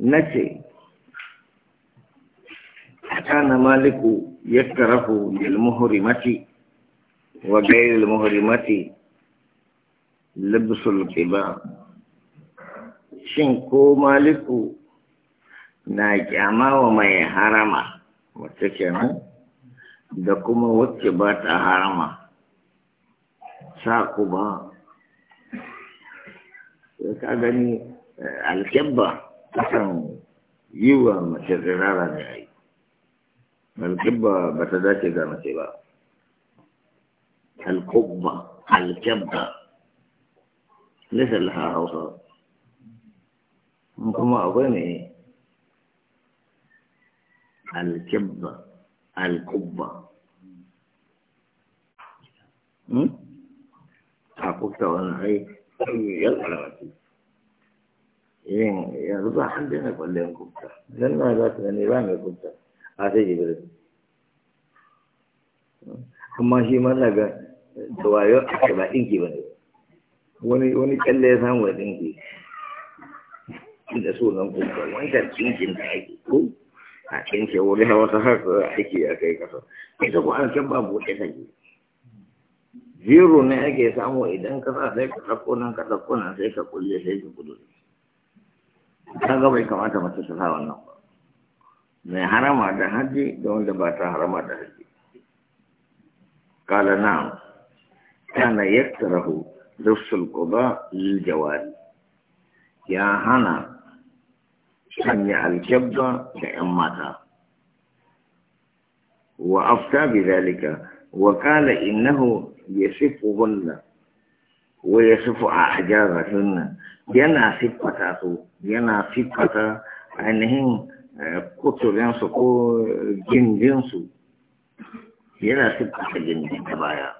nace kana maliku yakrahu lil muhrimati wa ghayr muhrimati libsul qiba shin ko maliku na kyama wa mai harama wacce kenan da kuma wacce ba ta harama sa ku ba ka gani alkebba akan yi wa mace tsirara ne a yi alkibba ba ta dace ga mace ba alkubba alkibba nisa laha hausa kuma akwai ne alkibba alkubba a kuka wani ai yan karamci yin yanzu ba an daina kwallon kubta nan na za ta gani ba mai kubta a sai jibril amma shi ma na ga tawayo a ba ɗinki ba ne wani wani kyalle ya samu ya ɗinki da sunan kubta wancan ɗinkin da ake ko a ɗinke wani hawa ta haka ake a kai kasa ita ko an can babu wata take zero ne ake samu idan ka sa sai ka ɗauko nan ka ɗauko nan sai ka kulle sai ka kudu kaga bai kamata mace su sa wannan ba mai harama da haji da wanda ba ta harama da haji kala na kana yaktarahu lufsul quba lil jawari ya hana sanya alkebba da yan mata wa afta bi zalika wa qala innahu yasifuhunna Wai ya sufu a ajarafin nan yana siffata su yana siffata ainihin eh, kuturinsu ko gindinsu yana siffata gindin ta baya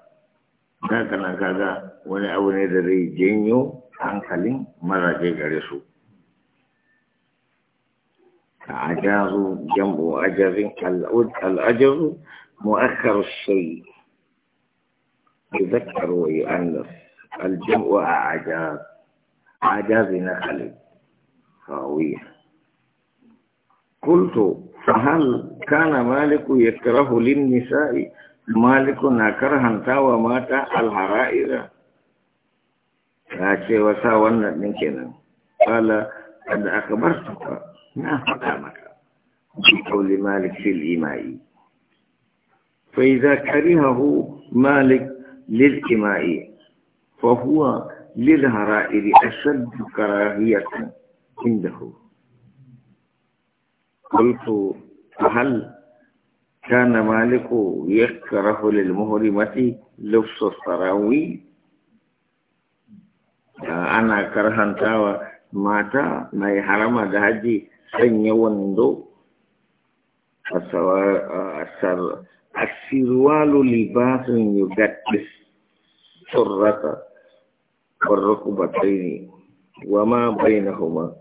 daga nan kaga wani abu ne da zai janyo hankalin mazaje gare su العجاز جمع أجر الأجر مؤخر الشيء يذكر ويؤنث الجمع أعجاز أعجاز نخل خاوية قلت فهل كان مالك يكره للنساء مالك نكرها تاوى مات الهرائر فأتي وساونا كنا قال قد أخبرتك ما حكمك بقول مالك في الإماء فإذا كرهه مالك للإماء فهو للهرائر أشد كراهية عنده قلت فهل كان مالك يكره للمهرمة لبس السراويل أنا كرها تاوى ماتا ما يحرم دهجي سنيا وندو السروال لباس يقدس سرطة warraku batai ne wa ma bai na kuma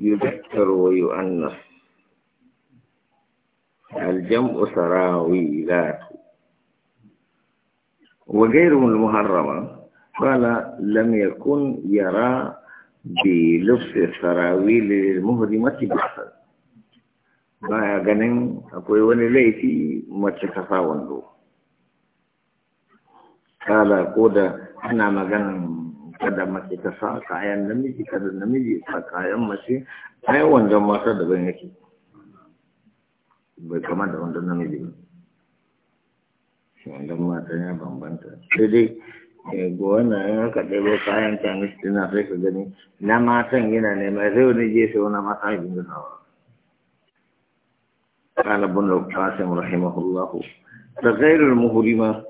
yi daktar wayo an na aljan usara muharrama kala lamya kun yara bi lufsi sarawi lil muhrimati bisar baya ganin akwai wani laifi mace ta wando kala ko da ana maganan kada mace ta sa kayan namiji kada namiji sa kayan mace ai wanzan mata daban yake bai kama da wanzan namiji ba shi wanzan mata ya bambanta sai dai eh, ga wannan in aka ɗebo kayan canis na sai ka gani na matan yana nema sai wani je sai wani mata ya gina sawa قال ابن القاسم رحمه الله تغير المهرمة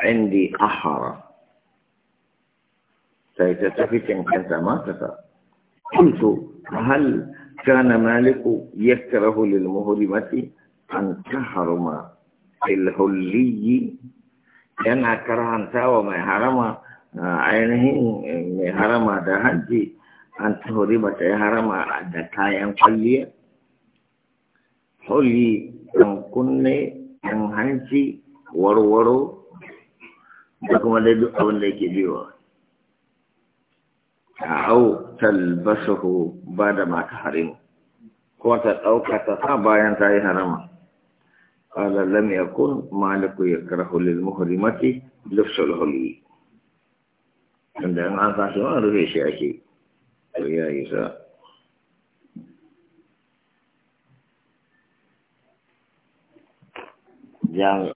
عندي أحرى sai ta tafi cancanta matasa kuntu hal kana maliku yakrahu lil muhrimati an taharuma fil hulli yana karanta wa mai harama ainihin eh, mai harama da hajji an taharuma ta harama da kayan kwalliya hulli an kunne an hanci warwaro da kuma dai duk abin da yake biyowa أو تلبسه بعدما تحرمه كنت أو كتا باين تاي حرمه قال لم يكن مالك يكره للمحرمة لبس الهلي عندما أن تاسي ما رفي شيء يا إيسا جامع